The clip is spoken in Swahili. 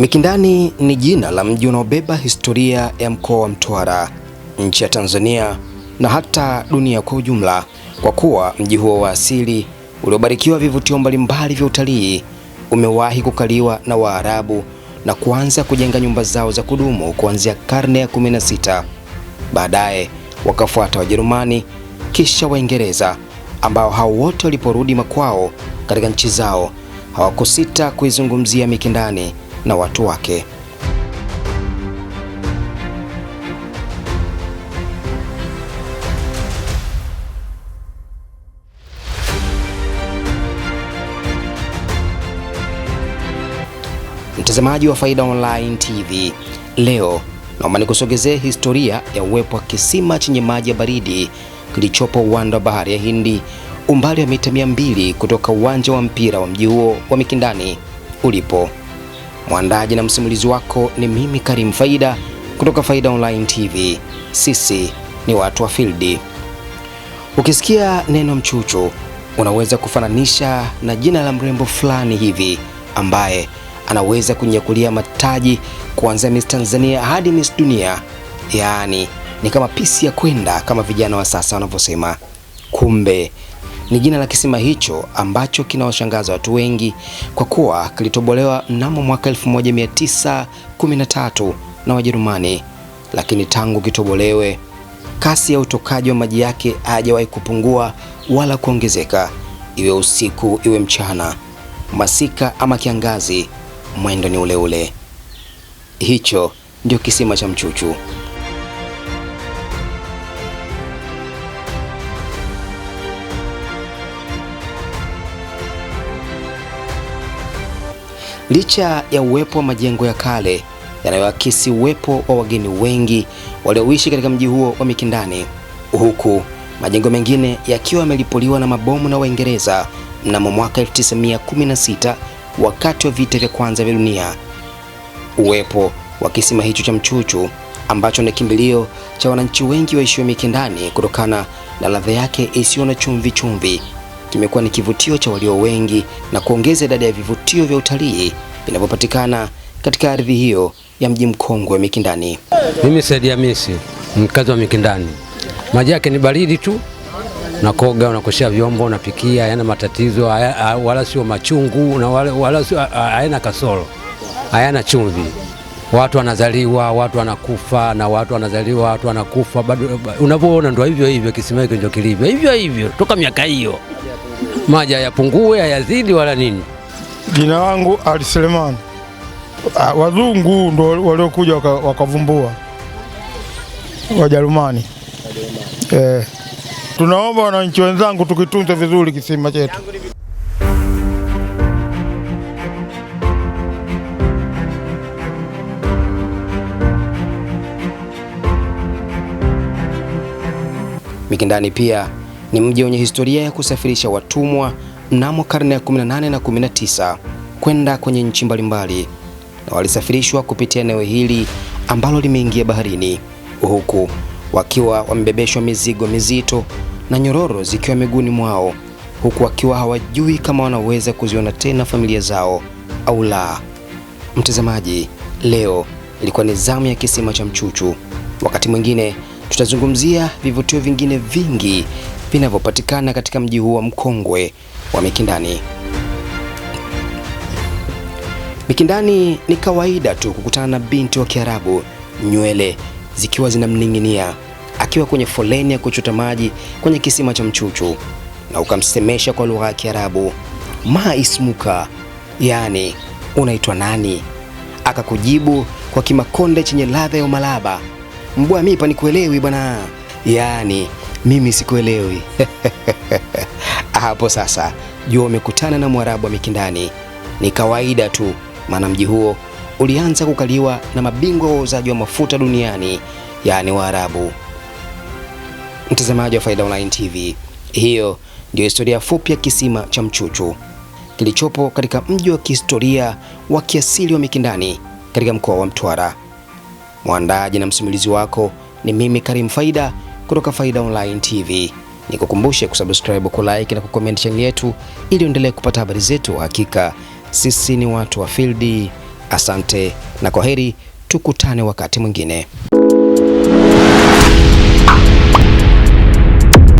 Mikindani ni jina la mji unaobeba historia ya mkoa wa Mtwara, nchi ya Tanzania na hata dunia kwa ujumla, kwa kuwa mji huo wa asili uliobarikiwa vivutio mbalimbali vya utalii umewahi kukaliwa na Waarabu na kuanza kujenga nyumba zao za kudumu kuanzia karne ya 16. Baadaye wakafuata Wajerumani kisha Waingereza, ambao hao wote waliporudi makwao katika nchi zao hawakusita kuizungumzia Mikindani na watu wake. Mtazamaji wa Faida Online TV, leo naomba nikusogezee historia ya uwepo wa kisima chenye maji ya baridi kilichopo uwanda wa bahari ya Hindi umbali wa mita mia mbili kutoka uwanja wa mpira wa mji huo wa Mikindani ulipo. Mwandaji na msimulizi wako ni mimi Karim Faida kutoka Faida Online TV. Sisi ni watu wa field. Ukisikia neno mchuchu, unaweza kufananisha na jina la mrembo fulani hivi ambaye anaweza kunyakulia mataji kuanzia Miss Tanzania hadi Miss Dunia. Yaani ni kama pisi ya kwenda, kama vijana wa sasa wanavyosema. Kumbe ni jina la kisima hicho ambacho kinawashangaza watu wengi kwa kuwa kilitobolewa mnamo mwaka 1913 na Wajerumani, lakini tangu kitobolewe kasi ya utokaji wa maji yake hayajawahi kupungua wala kuongezeka, iwe usiku iwe mchana, masika ama kiangazi, mwendo ni ule ule. Hicho ndio kisima cha Mchuchu. licha ya uwepo wa majengo ya kale yanayoakisi uwepo wa wageni wengi walioishi katika mji huo wa Mikindani, huku majengo mengine yakiwa yamelipuliwa na mabomu na Waingereza mnamo mwaka 1916 wakati wa vita vya kwanza vya dunia. Uwepo wa kisima hicho cha Mchuchu ambacho ni kimbilio cha wananchi wengi waishio Mikindani kutokana na ladha yake isiyo na chumvi chumvi kimekuwa ni kivutio cha walio wengi na kuongeza idadi ya vivutio vya utalii vinavyopatikana katika ardhi hiyo ya mji mkongwe wa Mikindani. Mimi Saidi Hamisi, mkazi wa Mikindani, maji yake ni baridi tu, nakoga, unakoshea vyombo, unapikia, hayana matatizo, wala sio machungu na wala hayana kasoro, hayana chumvi. Watu wanazaliwa, watu wanakufa, na watu wanazaliwa, watu wanakufa, bado unavyoona, ndio hivyo hivyo, kisima hiki ndio kilivyo hivyo hivyo toka miaka hiyo maji hayapungue, hayazidi wala nini. Jina langu Ali Selemani. Ah, wazungu ndo waliokuja wakavumbua waka Wajerumani. Eh, tunaomba wananchi wenzangu tukitunze vizuri kisima chetu. Mikindani pia ni mji wenye historia ya kusafirisha watumwa mnamo karne ya 18 na 19 kwenda kwenye nchi mbalimbali, na walisafirishwa kupitia eneo hili ambalo limeingia baharini, huku wakiwa wamebebeshwa mizigo mizito na nyororo zikiwa miguuni mwao, huku wakiwa hawajui kama wanaweza kuziona tena familia zao au la. Mtazamaji, leo ilikuwa ni zamu ya kisima cha Mchuchu. Wakati mwingine tutazungumzia vivutio vingine vingi vinavyopatikana katika mji huo mkongwe wa Mikindani. Mikindani ni kawaida tu kukutana na binti wa Kiarabu, nywele zikiwa zinamning'inia, akiwa kwenye foleni ya kuchota maji kwenye kisima cha Mchuchu, na ukamsemesha kwa lugha ya Kiarabu, ma ismuka, yaani unaitwa nani? Akakujibu kwa Kimakonde chenye ladha ya umalaba, mbwa mipa, kuelewi bwana, yaani mimi sikuelewi. Hapo sasa jua umekutana na Mwarabu wa Mikindani. Ni kawaida tu, maana mji huo ulianza kukaliwa na mabingwa wa uuzaji wa mafuta duniani, yaani Waarabu. Mtazamaji wa Faida Online TV, hiyo ndio historia fupi ya kisima cha Mchuchu kilichopo katika mji wa kihistoria wa kiasili wa Mikindani katika mkoa wa Mtwara. mwandaji na msimulizi wako ni mimi Karim Faida kutoka Faida Online TV. Nikukumbushe kusubscribe, kulike na kucomment channel yetu ili uendelee kupata habari zetu. Hakika sisi ni watu wa field. Asante na kwaheri, tukutane wakati mwingine.